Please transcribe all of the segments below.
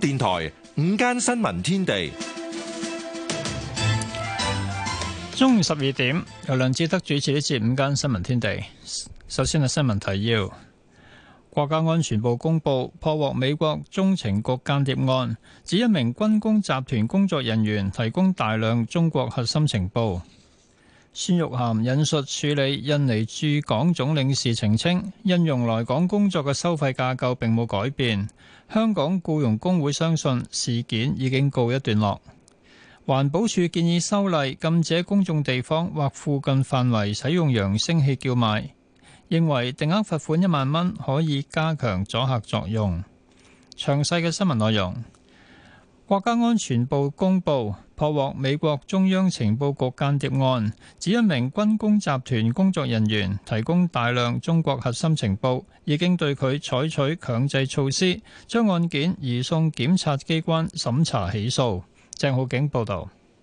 電台午間新聞天地，中午十二點由梁志德主持一次午間新聞天地。首先係新聞提要：國家安全部公布破獲美國中情局間諜案，指一名軍工集團工作人員提供大量中國核心情報。孫玉菡引述處理印尼駐港總領事澄清，印尼來港工作嘅收費架構並冇改變。香港僱傭工會相信事件已經告一段落。環保署建議修例禁止喺公眾地方或附近範圍使用揚聲器叫賣，認為定額罰款一萬蚊可以加強阻嚇作用。詳細嘅新聞內容。國家安全部公布破獲美國中央情報局間諜案，指一名軍工集團工作人員提供大量中國核心情報，已經對佢採取強制措施，將案件移送檢察機關審查起訴。鄭浩景報導。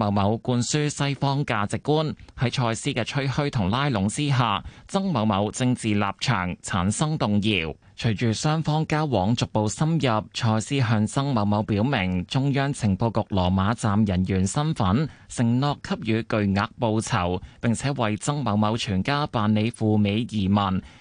某某灌輸西方價值觀，喺賽事嘅吹嘘同拉攏之下，曾某某政治立場產生動搖。隨住雙方交往逐步深入，蔡司向曾某某表明中央情報局羅馬站人員身份，承諾給予巨額報酬，並且為曾某某全家辦理赴美移民，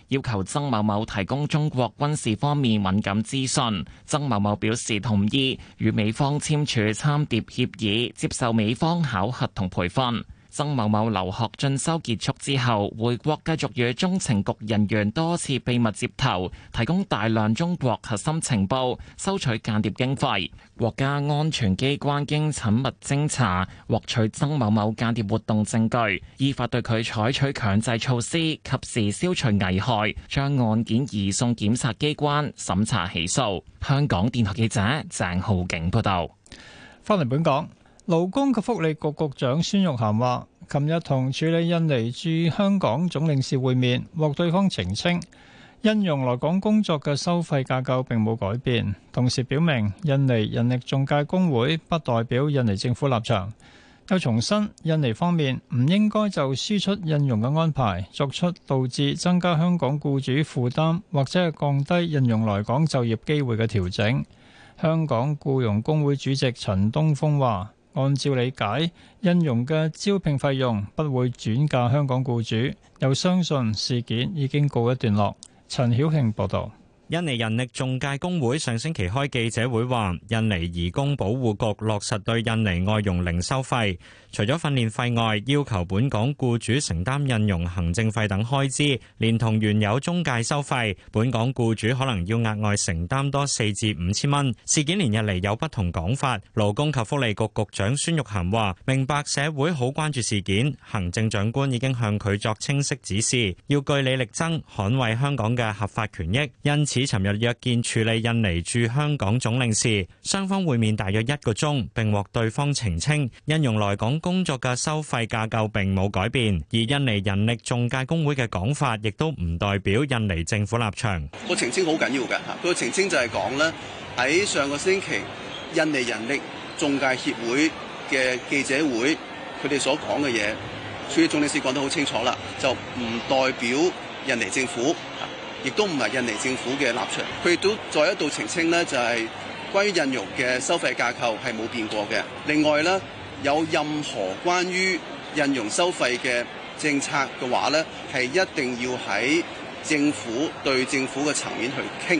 要求曾某某提供中國軍事方面敏感資訊。曾某某表示同意與美方簽署參諜協議，接受美方考核同培訓。曾某某留學進修結束之後，回國繼續與中情局人員多次秘密接頭，提供大量中國核心情報，收取間諜經費。國家安全機關經縝密偵查，獲取曾某某間諜活動證據，依法對佢採取強制措施，及時消除危害，將案件移送檢察機關審查起訴。香港電台記者鄭浩景報道。翻嚟本港。勞工及福利局局長孫玉涵話，琴日同處理印尼駐香港總領事會面，獲對方澄清，印尼來港工作嘅收費架構並冇改變。同時表明，印尼人力仲介工會不代表印尼政府立場。又重申，印尼方面唔應該就輸出印尼嘅安排作出導致增加香港僱主負擔或者係降低印尼來港就業機會嘅調整。香港僱傭工會主席陳東峰話。按照理解，印傭嘅招聘費用不會轉嫁香港雇主，又相信事件已經告一段落。陳曉慶報道。印尼人力仲介工會上星期開記者會話，印尼移工保護局落實對印尼外傭零收費，除咗訓練費外，要求本港雇主承擔印傭行政費等開支，連同原有中介收費，本港雇主可能要額外承擔多四至五千蚊。事件連日嚟有不同講法。勞工及福利局局長孫玉菡話：明白社會好關注事件，行政長官已經向佢作清晰指示，要據理力爭，捍衛香港嘅合法權益。因此。佢尋日約見署理印尼駐香港總領事，雙方會面大約一個鐘，並獲對方澄清，印傭來港工作嘅收費架構並冇改變，而印尼人力仲介工會嘅講法亦都唔代表印尼政府立場。個澄清好緊要㗎，吓，個澄清就係講咧喺上個星期印尼人力仲介協會嘅記者會，佢哋所講嘅嘢，署理總領事講得好清楚啦，就唔代表印尼政府。亦都唔係印尼政府嘅立場，佢亦都再一度澄清呢就係、是、關於印傭嘅收費架構係冇變過嘅。另外呢，有任何關於印傭收費嘅政策嘅話呢，係一定要喺政府對政府嘅層面去傾。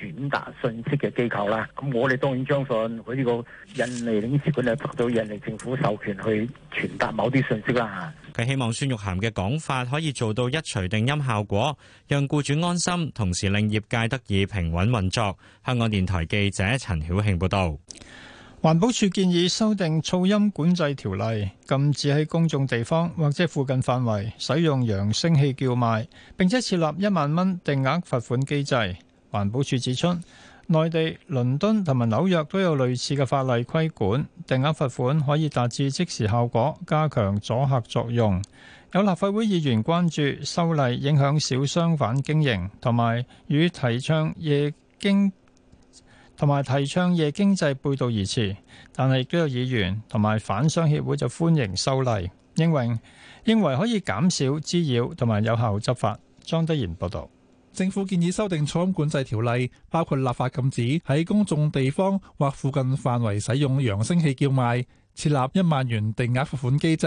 轉達信息嘅機構啦，咁我哋當然相信佢呢個印尼領事館係得到印尼政府授權去傳達某啲信息啦。佢希望孫玉涵嘅講法可以做到一錘定音效果，讓僱主安心，同時令業界得以平穩運作。香港電台記者陳曉慶報道。環保署建議修訂噪音管制條例，禁止喺公眾地方或者附近範圍使用揚聲器叫賣，並且設立一萬蚊定額罰款機制。環保署指出，內地、倫敦同埋紐約都有類似嘅法例規管，定額罰款可以達至即時效果，加強阻嚇作用。有立法會議員關注修例影響小商販經營，同埋與提倡夜經同埋提倡夜經濟背道而馳。但係亦都有議員同埋反商協會就歡迎修例，認為認為可以減少滋擾同埋有效執法。莊德賢報導。政府建議修訂噪音管制條例，包括立法禁止喺公眾地方或附近範圍使用揚聲器叫賣，設立一萬元定額罰款機制。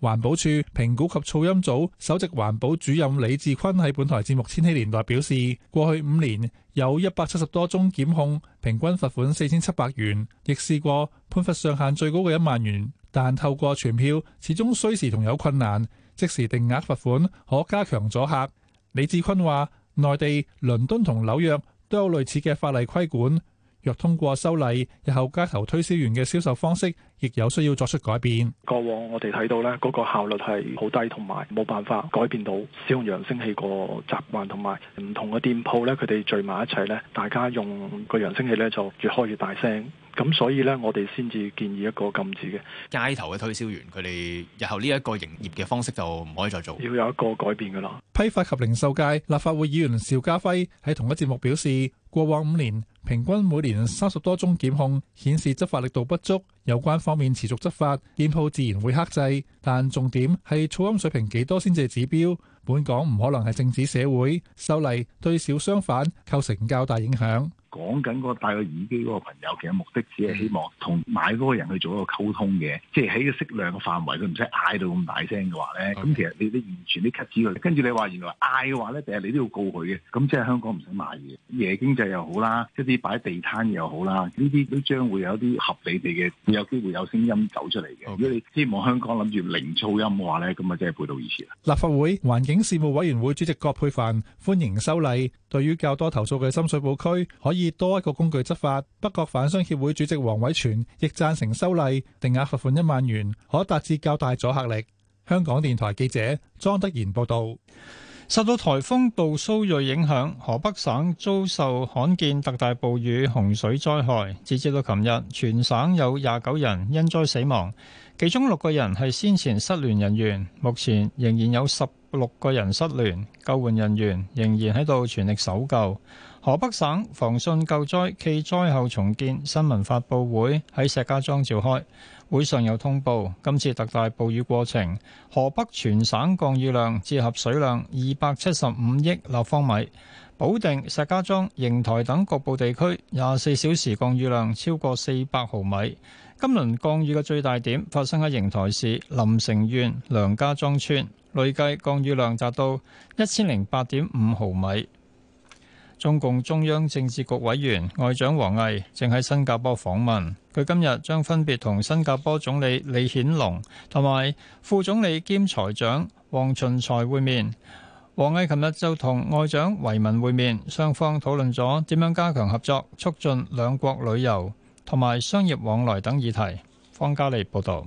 環保署評估及噪音組首席環保主任李志坤喺本台節目《千禧年代》表示，過去五年有一百七十多宗檢控，平均罰款四千七百元，亦試過判罰上限最高嘅一萬元，但透過傳票始終需時同有困難，即時定額罰款可加強阻嚇。李志坤話。內地、倫敦同紐約都有類似嘅法例規管。若通過修例，日後街頭推銷員嘅銷售方式亦有需要作出改變。過往我哋睇到呢嗰個效率係好低，同埋冇辦法改變到使用揚聲器個習慣，同埋唔同嘅店鋪呢，佢哋聚埋一齊呢，大家用個揚聲器呢就越開越大聲。咁所以咧，我哋先至建議一個禁止嘅街頭嘅推銷員，佢哋日後呢一個營業嘅方式就唔可以再做。要有一個改變㗎喇。批發及零售界立法會議員邵家輝喺同一節目表示，過往五年平均每年三十多宗檢控，顯示執法力度不足。有關方面持續執法，店鋪自然會克制。但重點係噪音水平幾多先至係指標。本港唔可能係政治社會，受例對小商販構成較大影響。講緊個戴個耳機嗰個朋友，其實目的只係希望同買嗰個人去做一個溝通嘅，即係喺個適量嘅範圍，都唔使嗌到咁大聲嘅話咧。咁其實你都完全啲 cut 咗佢，跟住你話原來嗌嘅話咧，第日你都要告佢嘅。咁即係香港唔使賣嘢，夜經濟又好啦，一啲擺地攤又好啦，呢啲都將會有啲合理地嘅，有機會有聲音走出嚟嘅。如果你希望香港諗住零噪音嘅話咧，咁啊即係背道而馳啦。立法會環境事務委員會主席郭佩凡歡迎修例，對於較多投訴嘅深水埗區可以多一個工具執法，北角反商協會主席黃偉全亦贊成修例，定額罰款一萬元，可達至較大阻嚇力。香港電台記者莊德賢報道。受到台風杜蘇芮影響，河北省遭受罕見特大暴雨洪水災害。截至到琴日，全省有廿九人因災死亡，其中六個人係先前失聯人員，目前仍然有十六個人失聯，救援人員仍然喺度全力搜救。河北省防汛救災暨災後重建新聞發布會喺石家莊召開，會上又通報今次特大暴雨過程，河北全省降雨量折合水量二百七十五億立方米，保定、石家莊、邢臺等局部地區廿四小時降雨量超過四百毫米。今輪降雨嘅最大點發生喺邢臺市林城縣梁家莊村，累計降雨量達到一千零八點五毫米。中共中央政治局委員外長王毅正喺新加坡訪問，佢今日將分別同新加坡總理李顯龍同埋副總理兼財長黃循財會面。王毅琴日就同外長維文會面，雙方討論咗點樣加強合作，促進兩國旅遊同埋商業往來等議題，方嘉莉報道。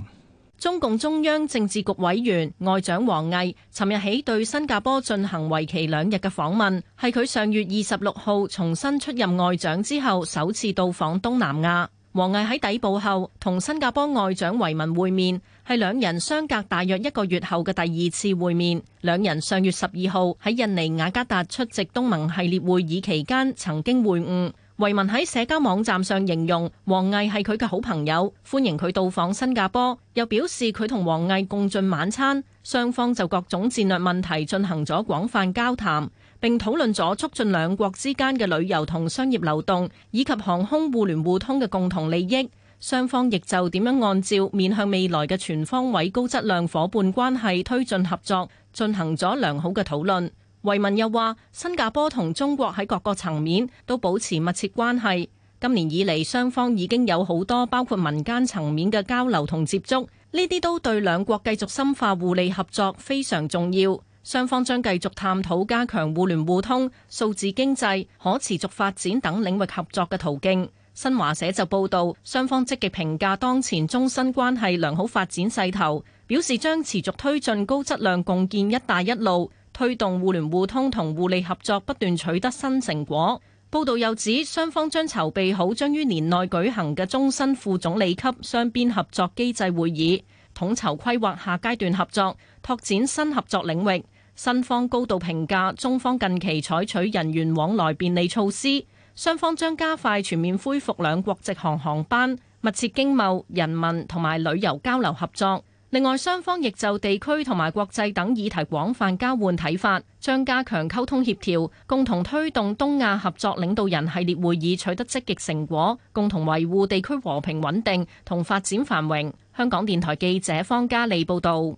中共中央政治局委員外長王毅尋日起對新加坡進行為期兩日嘅訪問，係佢上月二十六號重新出任外長之後首次到訪東南亞，王毅喺抵埗後同新加坡外長維文會面，係兩人相隔大約一個月後嘅第二次會面。兩人上月十二號喺印尼雅加達出席東盟系列會議期間曾經會晤。維文喺社交網站上形容王毅係佢嘅好朋友，歡迎佢到訪新加坡，又表示佢同王毅共進晚餐，雙方就各種戰略問題進行咗廣泛交談，並討論咗促進兩國之間嘅旅遊同商業流動以及航空互聯互通嘅共同利益。雙方亦就點樣按照面向未來嘅全方位高質量夥伴關係推進合作進行咗良好嘅討論。維文又話：新加坡同中國喺各個層面都保持密切關係。今年以嚟，雙方已經有好多包括民間層面嘅交流同接觸，呢啲都對兩國繼續深化互利合作非常重要。雙方將繼續探討加強互聯互通、數字經濟、可持續發展等領域合作嘅途徑。新華社就報道，雙方積極評價當前中新關係良好發展勢頭，表示將持續推進高質量共建“一帶一路”。推動互聯互通同互利合作不斷取得新成果。報道又指，雙方將籌備好將於年內舉行嘅中新副總理級雙邊合作機制會議，統籌規劃下階段合作，拓展新合作領域。新方高度評價中方近期採取人員往來便利措施，雙方將加快全面恢復兩國直航航班，密切經貿、人民同埋旅遊交流合作。另外，雙方亦就地區同埋國際等議題廣泛交換睇法，將加強溝通協調，共同推動東亞合作領導人系列會議取得積極成果，共同維護地區和平穩定同發展繁榮。香港電台記者方嘉利報導。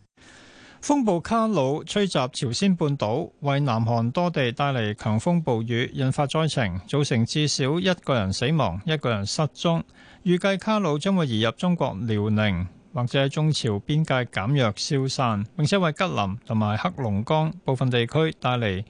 風暴卡魯吹襲朝鮮半島，為南韓多地帶嚟強風暴雨，引發災情，造成至少一個人死亡、一個人失蹤。預計卡魯將會移入中國遼寧。或者喺中朝邊界減弱消散，並且為吉林同埋黑龍江部分地區帶嚟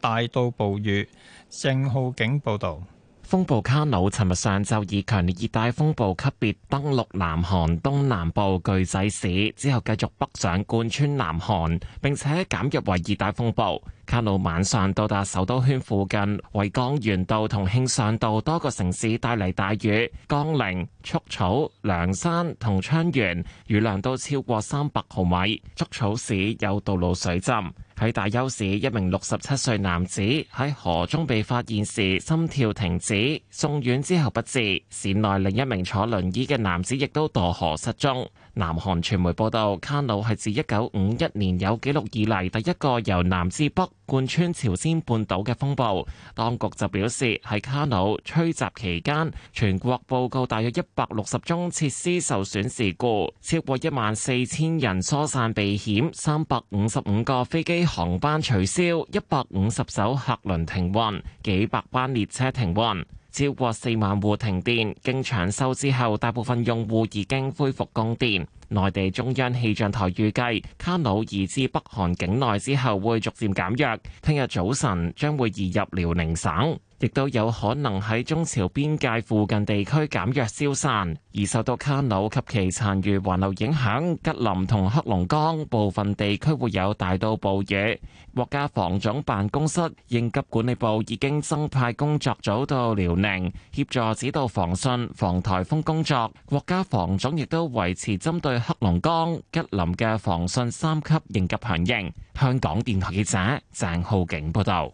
大到暴雨，鄭浩景報道。風暴卡努尋日上晝以強烈熱帶風暴級別登陸南韓東南部巨濟市，之後繼續北上貫穿南韓，並且減弱為熱帶風暴。卡努晚上到達首都圈附近，為江原道同慶尚道多個城市帶嚟大雨，江陵、束草、梁山同昌原雨量都超過三百毫米，束草市有道路水浸。喺大邱市，一名六十七歲男子喺河中被發現時心跳停止，送院之後不治，市內另一名坐輪椅嘅男子亦都墮河失蹤。南韓傳媒報道，卡努係自一九五一年有記錄以嚟第一個由南至北貫穿朝鮮半島嘅風暴。當局就表示，喺卡努吹襲期間，全國報告大約一百六十宗設施受損事故，超過一萬四千人疏散避險，三百五十五個飛機航班取消，一百五十艘客輪停運，幾百班列車停運。超過四萬戶停電，經搶修之後，大部分用戶已經恢復供電。內地中央氣象台預計，卡努移至北韓境內之後，會逐漸減弱，聽日早晨將會移入遼寧省。亦都有可能喺中朝邊界附近地區減弱消散，而受到卡努及其殘餘環流影響，吉林同黑龍江部分地區會有大到暴雨。國家防總辦公室應急管理部已經增派工作組到遼寧協助指導防汛防台風工作。國家防總亦都維持針對黑龍江、吉林嘅防汛三級應急響應。香港電台記者鄭浩景報道。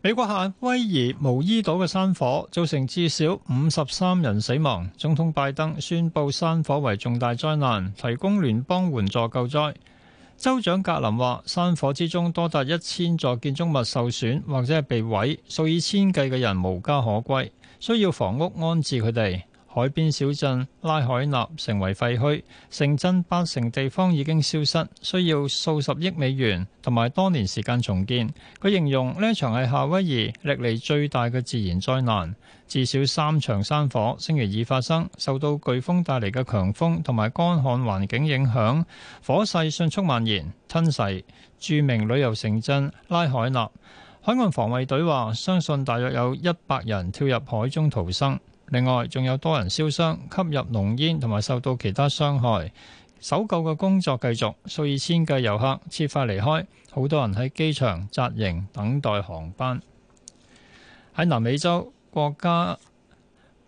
美國夏威夷毛伊島嘅山火造成至少五十三人死亡，總統拜登宣布山火為重大災難，提供聯邦援助救災。州長格林話：山火之中多達一千座建築物受損或者係被毀，數以千計嘅人無家可歸，需要房屋安置佢哋。海邊小鎮拉海納成為廢墟，城鎮八成地方已經消失，需要數十億美元同埋多年時間重建。佢形容呢場係夏威夷歷來最大嘅自然災難。至少三場山火星期二發生，受到颶風帶嚟嘅強風同埋乾旱環境影響，火勢迅速蔓延吞噬著名旅遊城鎮拉海納。海岸防衛隊話，相信大約有一百人跳入海中逃生。另外，仲有多人燒傷、吸入濃煙同埋受到其他傷害。搜救嘅工作繼續，數以千計遊客設法離開，好多人喺機場紮營等待航班。喺南美洲國家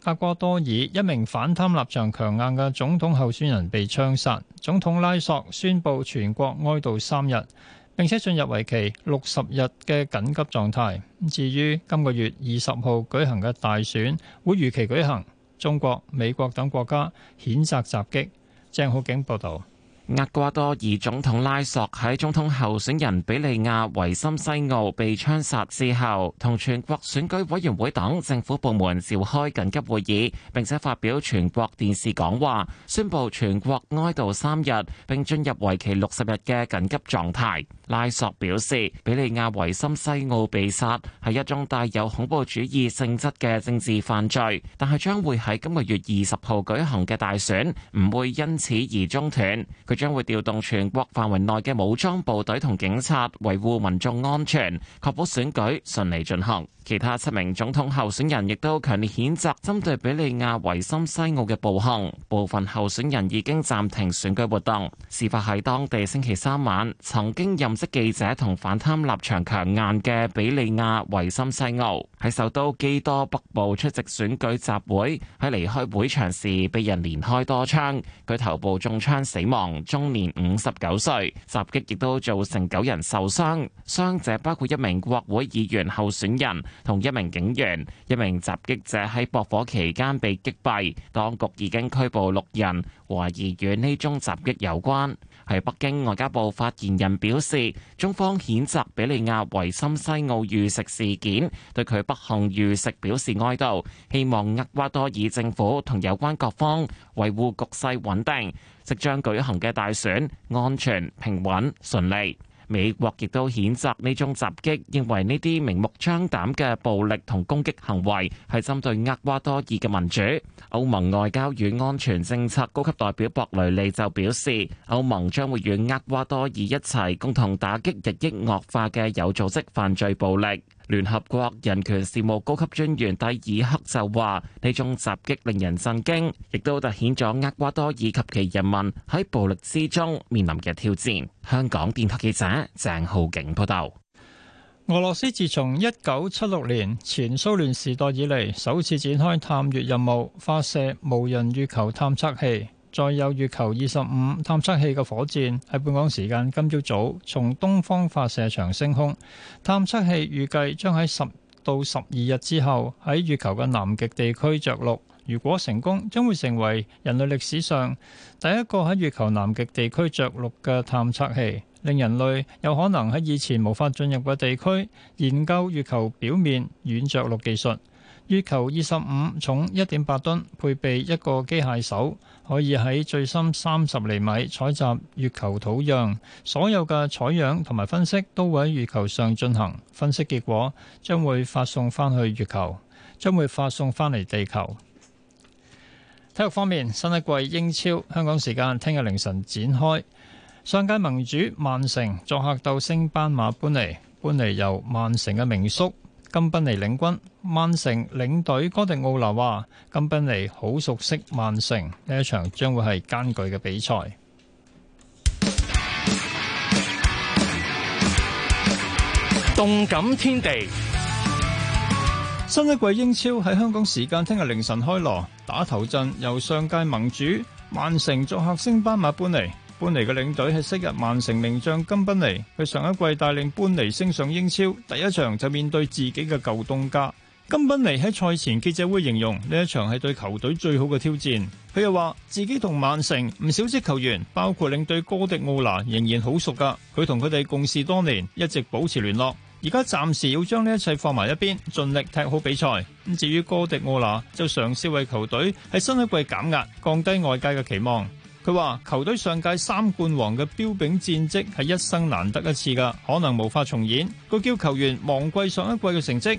厄瓜多爾，一名反貪立場強硬嘅總統候選人被槍殺，總統拉索宣布全國哀悼三日。並且進入為期六十日嘅緊急狀態。至於今個月二十號舉行嘅大選，會如期舉行。中國、美國等國家譴責襲擊。鄭浩景報道。厄瓜多爾總統拉索喺總統候選人比利亞維森西奧被槍殺之後，同全國選舉委員會等政府部門召開緊急會議，並且發表全國電視講話，宣布全國哀悼三日，並進入為期六十日嘅緊急狀態。拉索表示，比利亞維森西奧被殺係一宗帶有恐怖主義性質嘅政治犯罪，但係將會喺今個月二十號舉行嘅大選，唔會因此而中斷。將會調動全國範圍內嘅武裝部隊同警察，維護民眾安全，確保選舉順利進行。其他七名總統候選人亦都強烈譴責針對比利亞維森西奧嘅暴行，部分候選人已經暫停選舉活動。事發喺當地星期三晚，曾經任職記者同反貪立場強硬嘅比利亞維森西奧喺首都基多北部出席選舉集會，喺離開會場時被人連開多槍，佢頭部中槍死亡，終年五十九歲。襲擊亦都造成九人受傷，傷者包括一名國會議員候選人。同一名警員、一名襲擊者喺駁火期間被擊斃，當局已經拘捕六人，懷疑與呢宗襲擊有關。喺北京，外交部發言人表示，中方譴責比利亞維森西奧遇食事件，對佢不幸遇食表示哀悼，希望厄瓜多爾政府同有關各方維護局勢穩定，即將舉行嘅大選安全、平穩、順利。美國亦都譴責呢種襲擊，認為呢啲明目張膽嘅暴力同攻擊行為係針對厄瓜多爾嘅民主。歐盟外交與安全政策高級代表博雷利就表示，歐盟將會與厄瓜多爾一齊共同打擊日益惡化嘅有組織犯罪暴力。聯合國人權事務高級專員戴爾克就話：呢種襲擊令人震驚，亦都突顯咗厄瓜多爾及其人民喺暴力之中面臨嘅挑戰。香港電台記者鄭浩景報道。俄羅斯自從一九七六年前蘇聯時代以嚟，首次展開探月任務，發射無人月球探測器。再有月球二十五探測器嘅火箭喺本港時間今朝早從東方發射場升空，探測器預計將喺十到十二日之後喺月球嘅南極地區着陸，如果成功，將會成為人類歷史上第一個喺月球南極地區着陸嘅探測器，令人類有可能喺以前無法進入嘅地區研究月球表面軟着陸技術。月球二十五重一點八噸，配備一個機械手，可以喺最深三十厘米採集月球土壤，所有嘅採樣同埋分析都會喺月球上進行，分析結果將會發送翻去月球，將會發送翻嚟地球。體育方面，新一季英超香港時間聽日凌晨展開，上屆盟主曼城作客鬥升班馬般尼，般尼由曼城嘅名宿。金賓尼領軍，曼城領隊哥迪奧拉話：金賓尼好熟悉曼城呢一場將艱，將會係艱巨嘅比賽。動感天地，新一季英超喺香港時間聽日凌晨開鑼，打頭陣由上屆盟主曼城作客升班馬搬嚟。班尼嘅領隊係昔日曼城名將金賓尼，佢上一季帶領班尼升上英超，第一場就面對自己嘅舊東家。金賓尼喺賽前記者會形容呢一場係對球隊最好嘅挑戰。佢又話自己同曼城唔少隻球員，包括領隊哥迪奧拿仍然好熟噶，佢同佢哋共事多年，一直保持聯絡。而家暫時要將呢一切放埋一邊，盡力踢好比賽。咁至於哥迪奧拿就嘗試為球隊喺新一季減壓，降低外界嘅期望。佢話：球隊上屆三冠王嘅彪炳戰績係一生難得一次㗎，可能無法重演。佢叫球員忘記上一季嘅成績。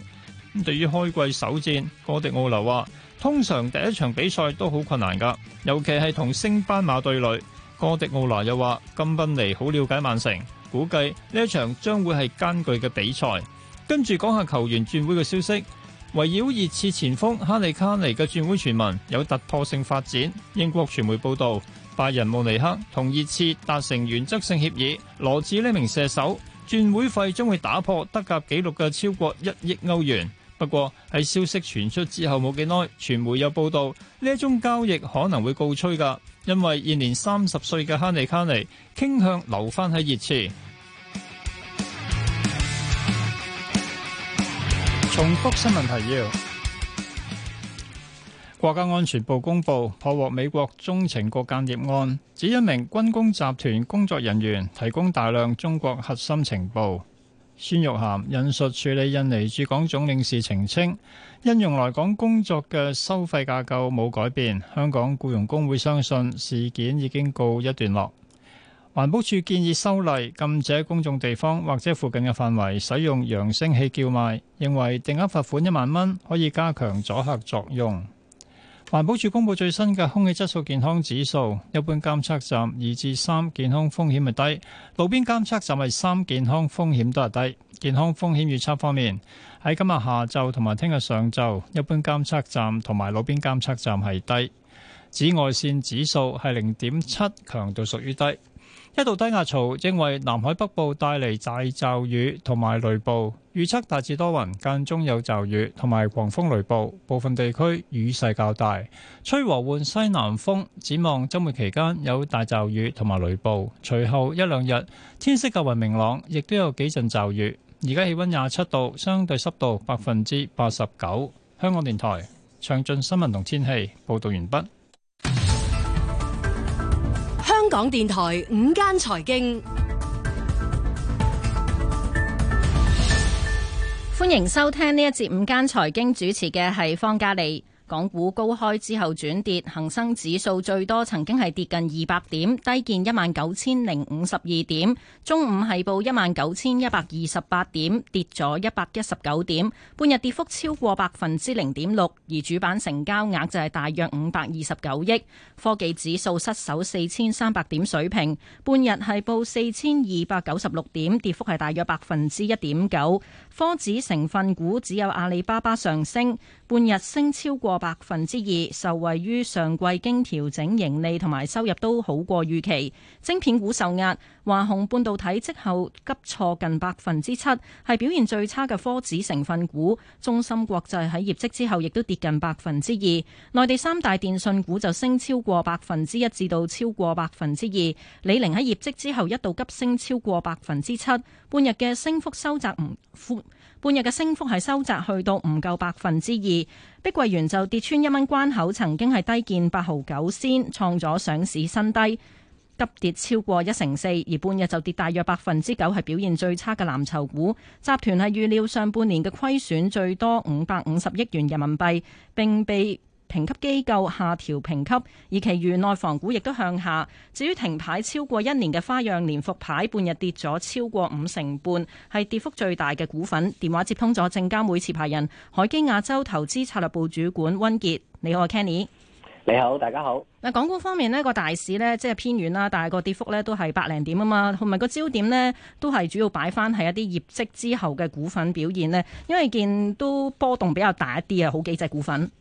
咁對於開季首戰，哥迪奧拉話：通常第一場比賽都好困難㗎，尤其係同升班馬對壘。哥迪奧拉又話：金賓尼好了解曼城，估計呢一場將會係艱巨嘅比賽。跟住講下球員轉會嘅消息，圍繞熱刺前鋒哈利卡尼嘅轉會傳聞有突破性發展。英國傳媒報導。拜仁慕尼黑同熱刺達成原則性協議，羅致呢名射手轉會費將會打破德甲紀錄嘅超過一億歐元。不過喺消息傳出之後冇幾耐，傳媒有報道呢一宗交易可能會告吹噶因為現年三十歲嘅哈尼卡尼傾向留翻喺熱刺。重複新聞提要。國家安全部公布破獲美國中情局間諜案，指一名軍工集團工作人員提供大量中國核心情報。孫玉涵引述處理印尼駐港總領事澄清，印傭來港工作嘅收費架構冇改變，香港雇傭工會相信事件已經告一段落。環保署建議修例禁止喺公眾地方或者附近嘅範圍使用揚聲器叫賣，認為定額罰款一萬蚊可以加強阻吓作用。環保署公布最新嘅空氣質素健康指數，一般監測站，二至三，健康風險係低，路邊監測站係三，健康風險都係低。健康風險預測方面，喺今日下晝同埋聽日上晝，一般監測站同埋路邊監測站係低，紫外線指數係零點七，強度屬於低。一道低壓槽正為南海北部帶嚟大驟雨同埋雷暴，預測大致多雲，間中有驟雨同埋狂風雷暴，部分地區雨勢較大，吹和緩西南風。展望週末期間有大驟雨同埋雷暴，隨後一兩日天色較為明朗，亦都有幾陣驟雨。而家氣溫廿七度，相對濕度百分之八十九。香港電台詳盡新聞同天氣報道完畢。港電台午間財經，歡迎收聽呢一節午間財經，主持嘅係方嘉莉。港股高開之後轉跌，恒生指數最多曾經係跌近二百點，低見一萬九千零五十二點。中午係報一萬九千一百二十八點，跌咗一百一十九點，半日跌幅超過百分之零點六。而主板成交額就係大約五百二十九億。科技指數失守四千三百點水平，半日係報四千二百九十六點，跌幅係大約百分之一點九。科指成分股只有阿里巴巴上升，半日升超過百分之二，受惠於上季經調整盈利同埋收入都好過預期。晶片股受壓。華虹半導體績後急挫近百分之七，係表現最差嘅科指成分股。中芯國際喺業績之後亦都跌近百分之二。內地三大電訊股就升超過百分之一至到超過百分之二。李寧喺業績之後一度急升超過百分之七，半日嘅升幅收窄唔，半日嘅升幅係收窄去到唔夠百分之二。碧桂園就跌穿一蚊關口，曾經係低見八毫九仙創咗上市新低。急跌超過一成四，而半日就跌大約百分之九，係表現最差嘅藍籌股。集團係預料上半年嘅虧損最多五百五十億元人民幣，並被評級機構下調評級。而其餘內房股亦都向下。至於停牌超過一年嘅花樣年復牌，半日跌咗超過五成半，係跌幅最大嘅股份。電話接通咗證監會持牌人海基亞洲投資策略部主管溫傑。你好，Kenny。你好，大家好。嗱，港股方面呢個大市呢，即係偏軟啦，但係個跌幅呢，都係百零點啊嘛，同埋個焦點呢，都係主要擺翻係一啲業績之後嘅股份表現呢。因為見都波動比較大一啲啊，好幾隻股份。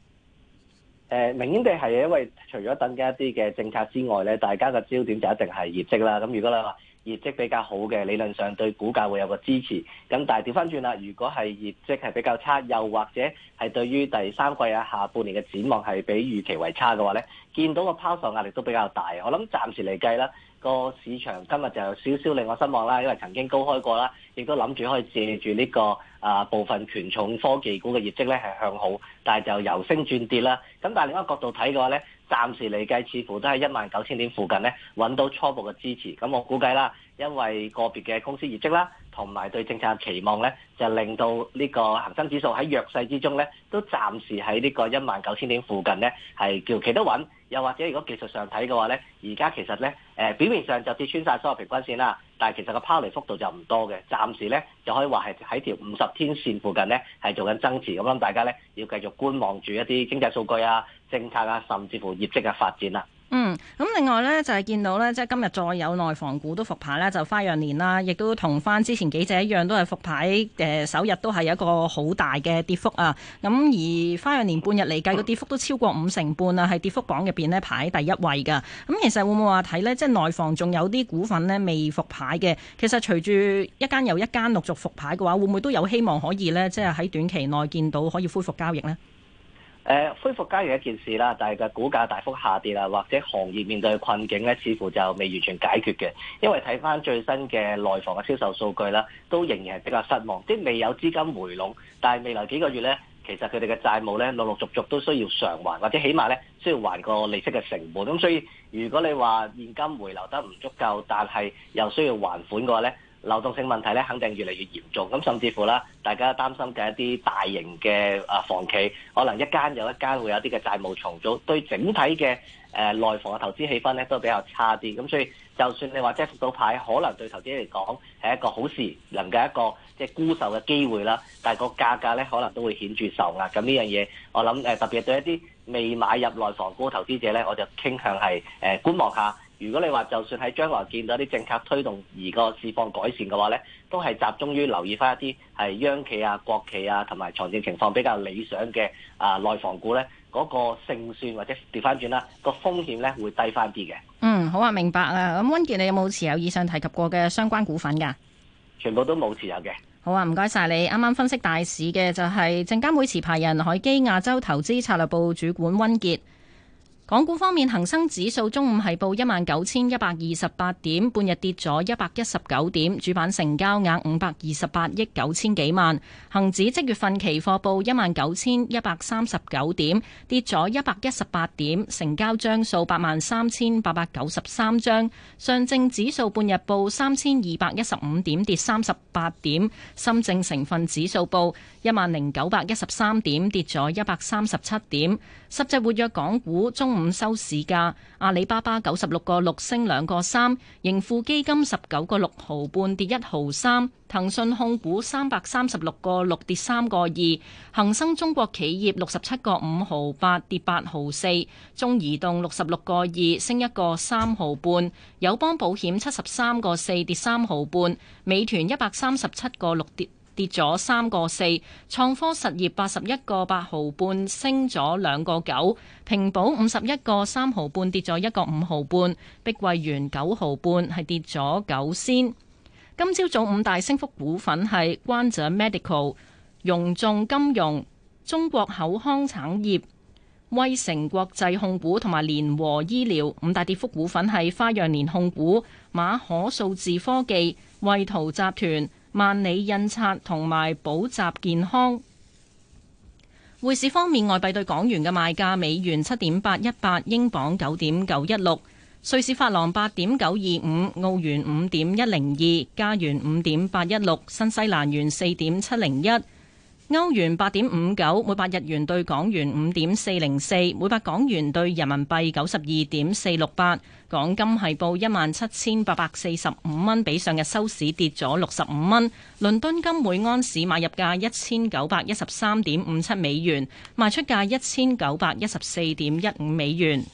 誒，明顯地係因為除咗等緊一啲嘅政策之外咧，大家嘅焦點就一定係業績啦。咁如果你話業績比較好嘅，理論上對股價會有個支持。咁但係調翻轉啦，如果係業績係比較差，又或者係對於第三季啊、下半年嘅展望係比預期為差嘅話咧，見到個拋售壓力都比較大。我諗暫時嚟計啦。個市場今日就有少少令我失望啦，因為曾經高開過啦，亦都諗住可以借住呢個啊部分權重科技股嘅業績咧係向好，但係就由升轉跌啦。咁但係另一個角度睇嘅話咧，暫時嚟計似乎都喺一萬九千點附近咧，揾到初步嘅支持。咁我估計啦，因為個別嘅公司業績啦，同埋對政策嘅期望咧，就令到呢個恆生指數喺弱勢之中咧，都暫時喺呢個一萬九千點附近咧係叫企得穩。又或者如果技術上睇嘅話咧，而家其實咧誒、呃、表面上就跌穿晒所有平均線啦，但係其實個拋離幅度就唔多嘅，暫時咧就可以話係喺條五十天線附近咧係做緊增持。咁諗大家咧要繼續觀望住一啲經濟數據啊、政策啊，甚至乎業績嘅發展啦、啊。嗯，咁另外呢，就係見到呢。即係今日再有內房股都復牌咧，就花樣年啦，亦都同翻之前幾隻一樣，都係復牌嘅、呃、首日都係有一個好大嘅跌幅啊。咁而花樣年半日嚟計個跌幅都超過五成半啊，係跌幅榜入邊呢，排第一位嘅。咁、嗯、其實會唔會話睇呢？即係內房仲有啲股份呢未復牌嘅？其實隨住一間又一間陸續復牌嘅話，會唔會都有希望可以呢？即係喺短期內見到可以恢復交易呢？誒恢復交易一件事啦，但係個股價大幅下跌啦，或者行業面對困境咧，似乎就未完全解決嘅。因為睇翻最新嘅內房嘅銷售數據啦，都仍然係比較失望。啲未有資金回籠，但係未來幾個月咧，其實佢哋嘅債務咧，陸陸續續都需要償還，或者起碼咧需要還個利息嘅成本。咁所以如果你話現金回流得唔足夠，但係又需要還款嘅話咧。流動性問題咧，肯定越嚟越嚴重。咁甚至乎啦，大家擔心嘅一啲大型嘅啊房企，可能一間又一間會有啲嘅債務重組，對整體嘅誒內房嘅投資氣氛咧都比較差啲。咁所以，就算你話即係復牌，可能對投資嚟講係一個好事，能夠一個即係、就是、沽售嘅機會啦。但係個價格咧，可能都會顯著受壓。咁呢樣嘢，我諗誒特別對一啲未買入內房股投資者咧，我就傾向係誒觀望下。如果你話就算喺將來見到啲政策推動而個市況改善嘅話咧，都係集中於留意翻一啲係央企啊、國企啊同埋財政情況比較理想嘅啊內房股咧，嗰個勝算或者調翻轉啦，個風險咧會低翻啲嘅。嗯，好啊，明白啊。咁温傑，你有冇持有以上提及過嘅相關股份㗎？全部都冇持有嘅。好啊，唔該晒你。啱啱分析大市嘅就係證監會持牌人海基亞洲投資策略部主管温傑。港股方面，恒生指數中午係報一萬九千一百二十八點，半日跌咗一百一十九點，主板成交額五百二十八億九千幾萬。恒指即月份期貨報一萬九千一百三十九點，跌咗一百一十八點，成交張數八萬三千八百九十三張。上證指數半日報三千二百一十五點，跌三十八點。深證成分指數報一萬零九百一十三點，跌咗一百三十七點。十隻活躍港股中午收市價，阿里巴巴九十六個六升兩個三，盈富基金十九個六毫半跌一毫三，騰訊控股三百三十六個六跌三個二，恒生中國企業六十七個五毫八跌八毫四，中移動六十六個二升一個三毫半，友邦保險七十三個四跌三毫半，美團一百三十七個六跌跌咗三個四，創科實業八十一個八毫半，升咗兩個九，平保五十一個三毫半，跌咗一個五毫半，碧桂園九毫半係跌咗九仙。今朝早五大升幅股份係關井 Medical、融眾金融、中國口腔產業、威誠國際控股同埋聯和醫療。五大跌幅股份係花樣年控股、馬可數字科技、惠圖集團。萬里印刷同埋補習健康。匯市方面，外幣對港元嘅賣價：美元七點八一八，英鎊九點九一六，瑞士法郎八點九二五，澳元五點一零二，加元五點八一六，新西蘭元四點七零一。歐元八點五九，每百日元對港元五點四零四，每百港元對人民幣九十二點四六八。港金係報一萬七千八百四十五蚊，比上日收市跌咗六十五蚊。倫敦金每安士買入價一千九百一十三點五七美元，賣出價一千九百一十四點一五美元。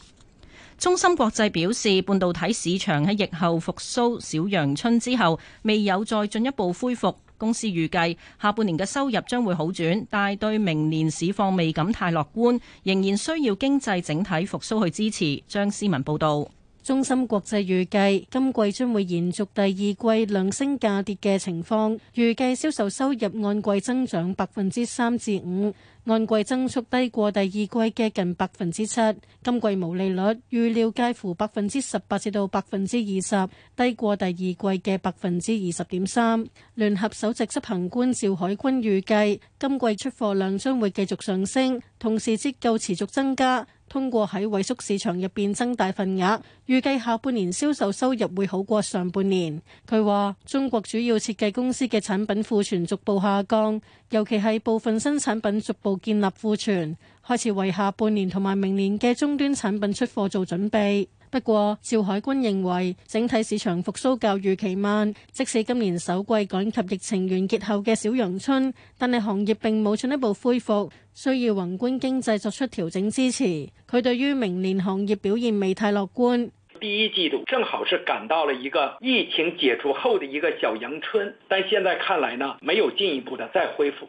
中芯國際表示，半導體市場喺疫後復蘇小陽春之後，未有再進一步恢復。公司預計下半年嘅收入將會好轉，但對明年市況未敢太樂觀，仍然需要經濟整體復甦去支持。張思文報導。中心國際預計今季將會延續第二季量升價跌嘅情況，預計銷售收入按季增長百分之三至五，按季增速低過第二季嘅近百分之七。今季毛利率預料介乎百分之十八至到百分之二十，低過第二季嘅百分之二十點三。聯合首席執行官趙海軍預計今季出貨量將會繼續上升，同時折舊持續增加。通過喺萎縮市場入邊增大份額，預計下半年銷售收入會好過上半年。佢話中國主要設計公司嘅產品庫存逐步下降，尤其係部分新產品逐步建立庫存，開始為下半年同埋明年嘅終端產品出貨做準備。不過趙海軍認為，整體市場復甦較預期慢，即使今年首季趕及疫情完結後嘅小陽春，但係行業並冇進一步恢復，需要宏觀經濟作出調整支持。佢對於明年行業表現未太樂觀。第一季度正好是趕到了一個疫情解除後嘅一個小陽春，但現在看來呢，沒有進一步的再恢復。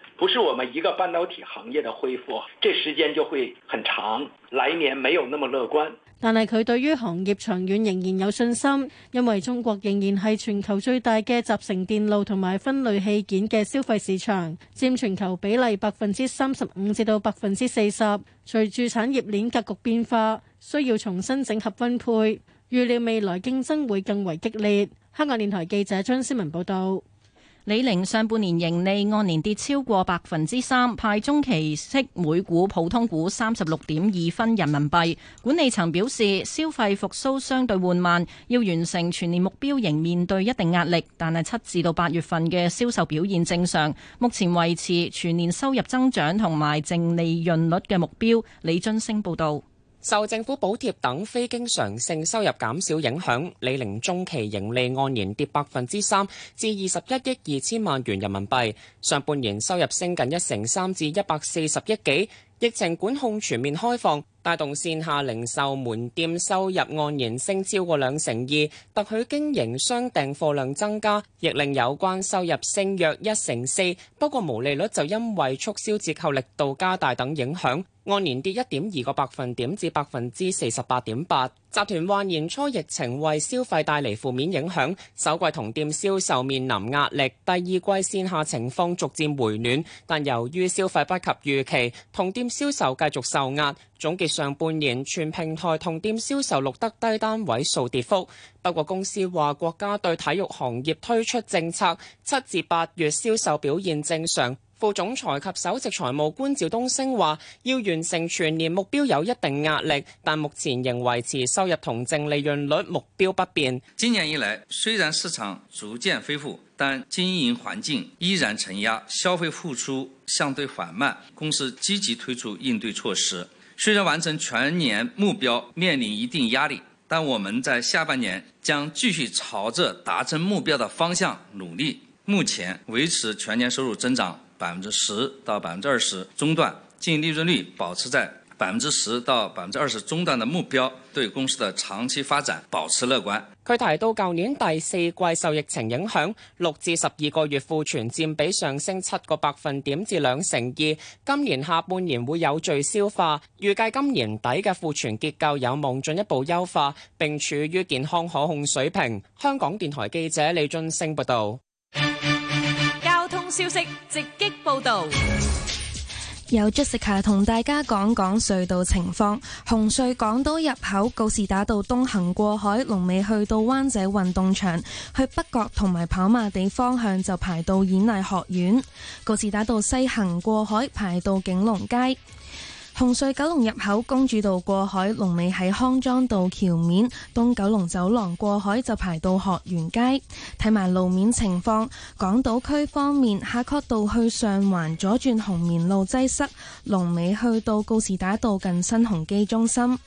不是我們一個半導體行業的恢復，這時間就會很長，來年沒有那麼樂觀。但係佢對於行業長遠仍然有信心，因為中國仍然係全球最大嘅集成電路同埋分類器件嘅消費市場，佔全球比例百分之三十五至到百分之四十。隨住產業鏈格局變化，需要重新整合分配，預料未來競爭會更為激烈。香港電台記者張思文報道。李寧上半年盈利按年跌超過百分之三，派中期息每股普通股三十六點二分人民幣。管理層表示，消費復甦相對緩慢，要完成全年目標仍面對一定壓力，但係七至到八月份嘅銷售表現正常，目前維持全年收入增長同埋淨利潤率嘅目標。李津升報道。受政府補貼等非經常性收入減少影響，李寧中期盈利按年跌百分之三，至二十一億二千萬元人民幣。上半年收入升近一成三，至一百四十億幾。疫情管控全面開放，帶動線下零售門店收入按年升超過兩成二。特許經營商訂貨量增加，亦令有關收入升約一成四。不過毛利率就因為促銷折扣力度加大等影響，按年跌一點二個百分點至百分之四十八點八。集團話年初疫情為消費帶嚟負面影響，首季同店銷售面臨壓力。第二季線下情況逐漸回暖，但由於消費不及預期，同店銷售繼續受壓。總結上半年全平台同店銷售錄得低單位數跌幅。不過公司話國家對體育行業推出政策，七至八月銷售表現正常。副總裁及首席財務官趙東昇話：要完成全年目標有一定壓力，但目前仍維持收入同淨利潤率目標不變。今年以來，雖然市場逐漸恢復，但經營環境依然承壓，消費復甦相對緩慢。公司積極推出應對措施，雖然完成全年目標面臨一定壓力，但我們在下半年將繼續朝着達成目標的方向努力。目前維持全年收入增長。百分之十到百分之二十中段，淨利潤率保持在百分之十到百分之二十中段的目標，對公司的長期發展保持樂觀。佢提到，舊年第四季受疫情影響，六至十二個月庫存佔比上升七個百分點至兩成二，今年下半年會有序消化，預計今年底嘅庫存結構有望進一步優化，並處於健康可控水平。香港電台記者李俊升報道。消息直擊報道，有 Jessica 同大家講講隧道情況。紅隧港島入口告士打道東行過海，龍尾去到灣仔運動場；去北角同埋跑馬地方向就排到演藝學院。告士打道西行過海，排到景隆街。紅隧九龍入口公主道過海，龍尾喺康莊道橋面；東九龍走廊過海就排到學園街。睇埋路面情況，港島區方面，夏慤道去上環左轉紅棉路擠塞，龍尾去到告士打道近新鴻基中心。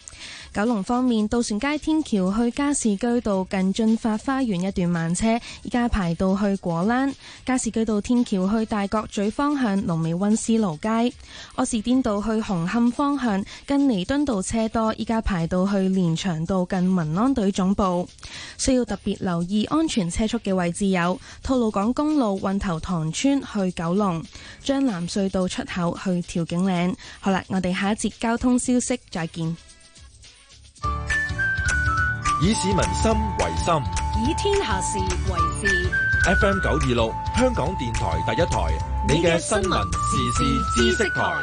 九龍方面，渡船街天橋去加士居道近駿發花園一段慢車，依家排到去果欄；加士居道天橋去大角咀方向，龍尾溫斯路街；柯士甸道去紅磡方向，近彌敦道車多，依家排到去連翔道近民安隊總部。需要特別留意安全車速嘅位置有：吐露港公路運頭塘村去九龍，將藍隧道出口去調景嶺。好啦，我哋下一節交通消息再見。以市民心為心，以天下事為事。FM 九二六，香港電台第一台，你嘅新聞、新聞時事、知識台。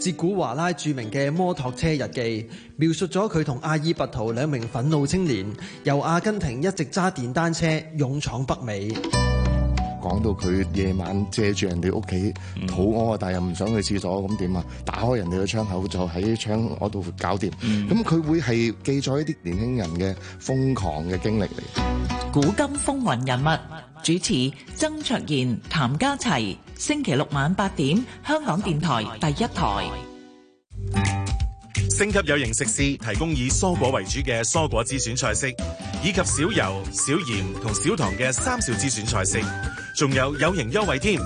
哲古華拉著名嘅摩托車日記，描述咗佢同阿爾拔圖兩名憤怒青年，由阿根廷一直揸電單車，勇闖北美。講到佢夜晚借住人哋屋企肚屙，但係又唔想去廁所，咁點啊？打開人哋嘅窗口就喺窗嗰度搞掂。咁佢會係記載一啲年輕人嘅瘋狂嘅經歷嚟。古今風雲人物主持曾卓然、譚家齊，星期六晚八點，香港電台第一台。星級有形食肆提供以蔬果為主嘅蔬果之選菜式，以及少油、少鹽同少糖嘅三少之選菜式。仲有有型優惠添，呢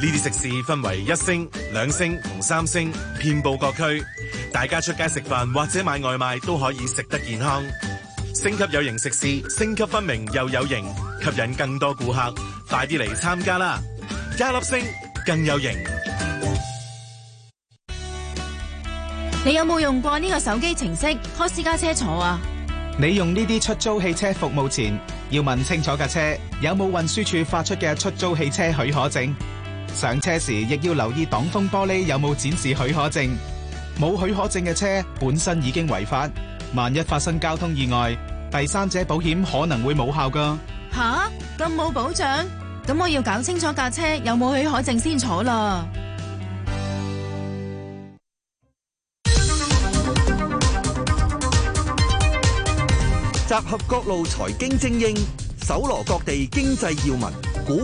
啲食肆分為一星、兩星同三星，遍佈各區。大家出街食飯或者買外賣都可以食得健康。星級有型食肆，星級分明又有型，吸引更多顧客。快啲嚟參加啦！加粒星更有型。你有冇用過呢個手機程式開私家車坐啊？你用呢啲出租汽車服務前，要問清楚架車有冇運輸處發出嘅出租汽車許可證。上車時亦要留意擋風玻璃有冇展示許可證。冇許可證嘅車本身已經違法，萬一發生交通意外，第三者保險可能會冇效㗎。吓，咁冇保障，咁我要搞清楚架車有冇許可證先坐啦。集合各路財經精英，搜羅各地經濟要聞。